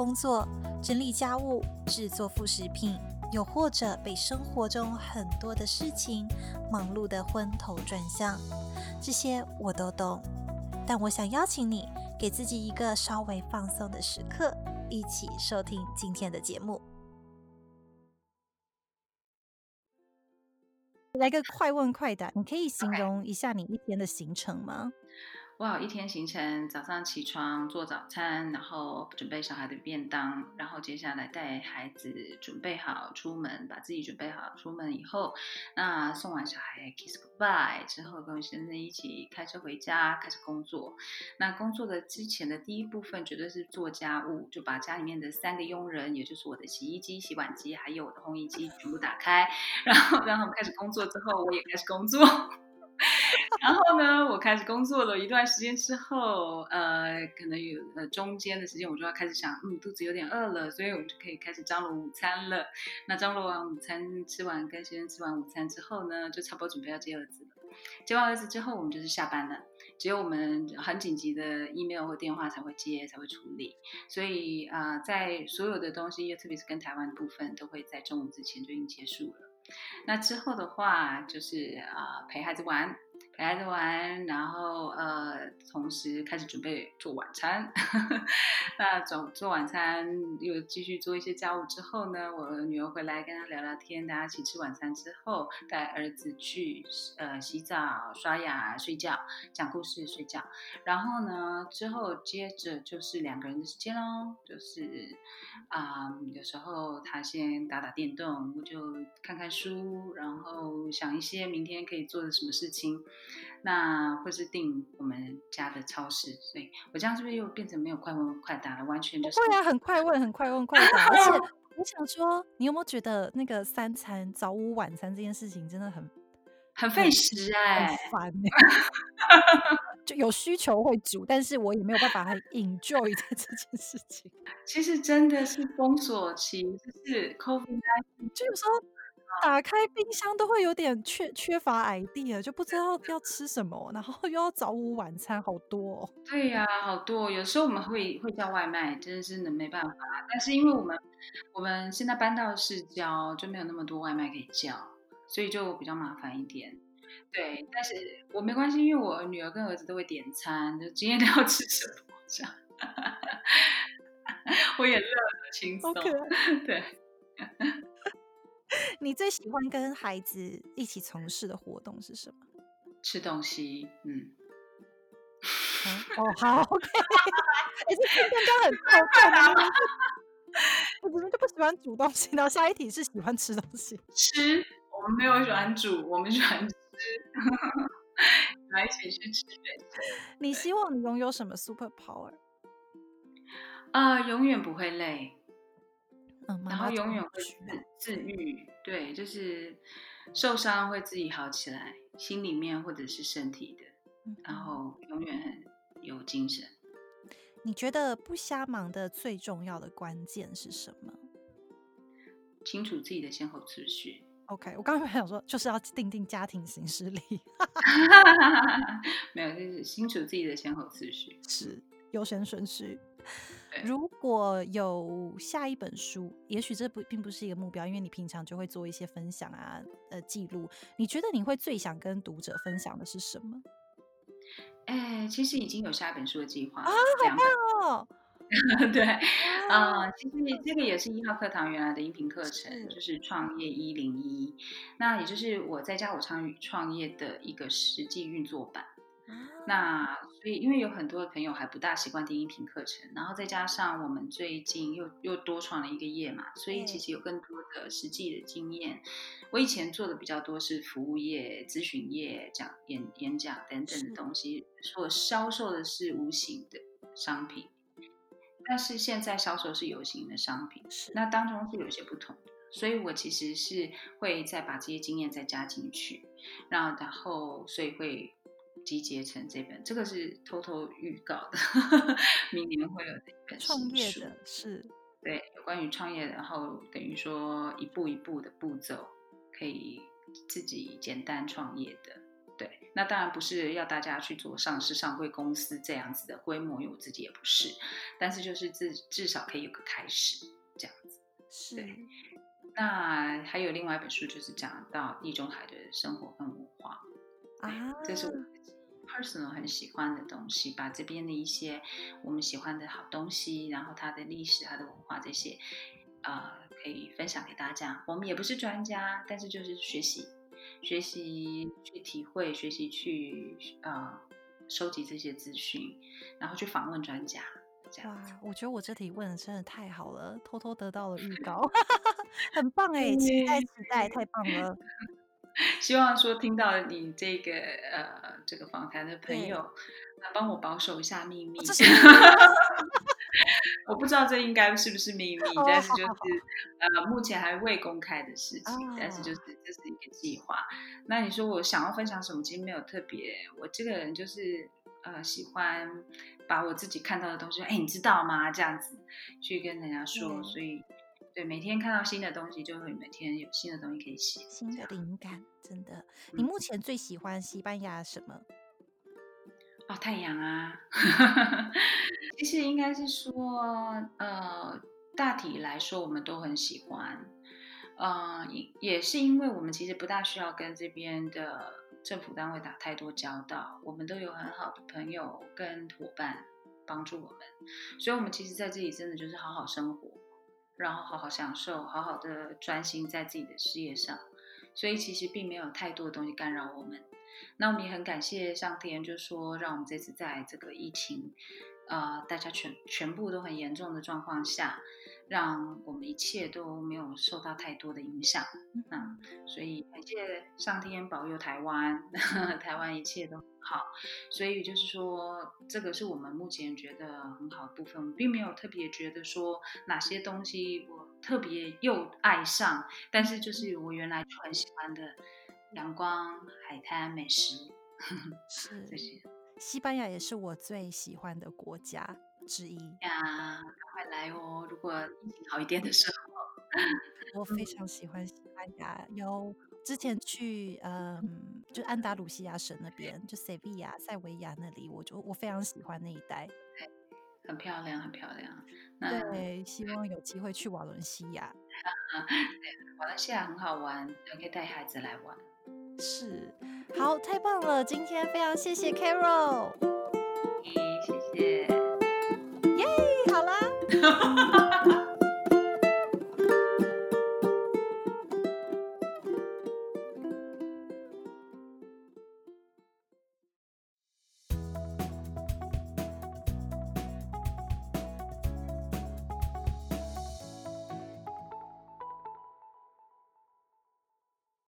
工作、整理家務、製作副食品，又或者被生活中很多的事情忙碌得昏頭轉向，這些我都懂。但我想邀請你，給自己一個稍微放鬆的時刻，一起收聽今天的節目。來個快問快答，你可以形容一下你一天的行程嗎？我好一天行程：早上起床做早餐，然後準備小孩的便當，然後接下來帶孩子準備好出門，把自己準備好出門以後，那送完小孩 kiss goodbye 之後，跟我先生一起開車回家，開始工作。那工作的之前的第一部分絕對是做家務，就把家裡面的三個傭人，也就是我的洗衣機、洗碗機還有我的烘衣機全部打開，然後讓他們開始工作之後，我也開始工作。然後呢，我開始工作了一段時間之後，呃，可能有呃中間的時間，我就要開始想，嗯，肚子有點餓了，所以我就可以開始張羅午餐了。那張羅完午餐，吃完跟先生吃完午餐之後呢，就差不多準備要接兒子了。接完兒子之後，我們就是下班了。只有我們很緊急的 email 或電話才會接，才會處理。所以啊、呃，在所有的東西，又特別是跟台灣的部分，都會在中午之前就已經結束了。那之後的話，就是啊、呃、陪孩子玩。孩子玩，然後呃，同時開始準備做晚餐。 那做做晚餐，又繼續做一些家務之後呢，我女兒回來跟她聊聊天，大家一起吃晚餐之後，帶兒子去呃洗澡、刷牙、睡覺、講故事、睡覺。然後呢，之後接着就是兩個人的時間咯，就是啊、嗯，有時候他先打打電動，我就看看書，然後想一些明天可以做的什麼事情。那或是訂我們家的超市，所以我這樣是不是又變成沒有快問快答了？完全就是會啊，很快問，很快問，很快答，啊。而且我想說，你有沒有覺得那個三餐早午晚餐這件事情真的很很費時哎，很煩哎，欸、 就有需求會煮，但是我也沒有辦法很 enjoy 這這件事情。其實真的是封鎖期，就是 COVID-19 就是說打開冰箱，都會有點缺缺乏 idea 了，就不知道要吃什麼，然後又要早午晚餐，好多哦。對呀、啊，好多。有時候我們會會叫外賣，真的是沒辦法。但是因為我們我們現在搬到的市郊，就沒有那麼多外賣可以叫，所以就比較麻煩一點。對，但是我沒關係，因為我女兒跟兒子都會點餐，就今天都要吃什麼這樣 我也樂得輕鬆。Okay. 對。 你最喜歡跟孩子一起從事的活動是什麼？吃東西。嗯。嗯哦，好。OK 哎，這更加很抽象嗎？我怎麼就不喜歡煮東西呢？然後下一題是喜歡吃東西。吃。我們沒有喜歡煮，我們喜歡吃。來， 一起去吃。你希望你擁有什麼 super power？啊、呃，永遠不會累。然後永遠會自癒，對，就是受傷會自己好起來，心裡面或者是身體的，然後永遠很有精神。嗯。你覺得不瞎忙的最重要的關鍵是什麼？清楚自己的先後次序。OK，我剛才還想說，就是要定定家庭行事曆。 沒有，就是清楚自己的先後次序，是優先順序。有如果有下一本書，也許這不並不是一個目標，因為你平常就會做一些分享啊，呃，記錄。你覺得你會最想跟讀者分享的是什麼？哎、欸，其實已經有下一本書的計劃啊，好棒、哦！ 對，啊、呃，其實這個也是一號課堂原來的音頻課程，就是創業一零一，那也就是我在家我創業的一個實際運作版。那所以，因為有很多的朋友還不大習慣聽音頻課程，然後再加上我們最近又又多創了一個業嘛，所以其實有更多的實際的經驗。我以前做的比較多是服務業、諮詢業、講演、演講等等的東西，所銷售的是無形的商品，但是現在銷售是有形的商品，那當中是有些不同的，所以我其實是會再把這些經驗再加進去，然後，然後所以會。集結成這本，這個是偷偷預告的。呵呵，明年會有一本新書，是，對，有關於創業，然後等於說一步一步的步驟，可以自己簡單創業的，對，那當然不是要大家去做上市、上櫃公司這樣子的規模，因為我自己也不是，但是就是至至少可以有個開始，這樣子，是。對，那還有另外一本書，就是講到地中海的生活跟文化，對，啊，這是我。Personal 很喜歡的東西，把這邊的一些我們喜歡的好東西，然後它的歷史、它的文化這些，呃，可以分享給大家。我們也不是專家，但是就是學習、學習去體會、學習去呃收集這些資訊，然後去訪問專家。這樣，哇，我覺得我這題問的真的太好了，偷偷得到了預告， 很棒哎、欸，期待期待，太棒了。 希望說聽到你這個呃這個訪談的朋友，那幫我保守一下秘密。 我不知道這應該是不是秘密，哦、但是就是呃目前還未公開的事情，哦、但是就是這、就是一個計劃。那你說我想要分享什麼？其實沒有特別，我這個人就是呃喜歡把我自己看到的東西，哎你知道嗎？這樣子去跟人家說，嗯、所以。對，每天看到新的東西，就會每天有新的東西可以寫，新的靈感，真的、嗯。你目前最喜歡西班牙什麼？哦，太陽啊！ 其實應該是說，呃，大體來說，我們都很喜歡。呃，也也是因為我們其實不大需要跟這邊的政府單位打太多交道，我們都有很好的朋友跟夥伴幫助我們，所以我們其實在這裡真的就是好好生活。然後好好享受，好好的專心在自己的事業上，所以其實並沒有太多的東西干擾我們。那我們也很感謝上天，就說讓我們這次在這個疫情，呃，大家全全部都很嚴重的狀況下，讓我們一切都沒有受到太多的影響。嗯，所以感謝上天保佑台灣，呵呵台灣一切都很好。所以就是說，這個是我們目前覺得很好的部分，並沒有特別覺得說哪些東西我特別又愛上，但是就是我原來很喜歡的。陽光、海灘、美食， 是，謝謝，西班牙也是我最喜歡的國家之一呀！快、啊、來哦，如果疫情好一點的時候， 我非常喜歡西班牙。有之前去，嗯，就安達魯西亞省那邊，就塞維亞，塞維亞那裡，我就我非常喜歡那一帶，很漂亮，很漂亮。對，希望有機會去瓦倫西亞。 對，瓦倫西亞很好玩，可以帶孩子來玩。是，好，太棒了！今天非常謝謝 Carol，謝謝，耶，好了。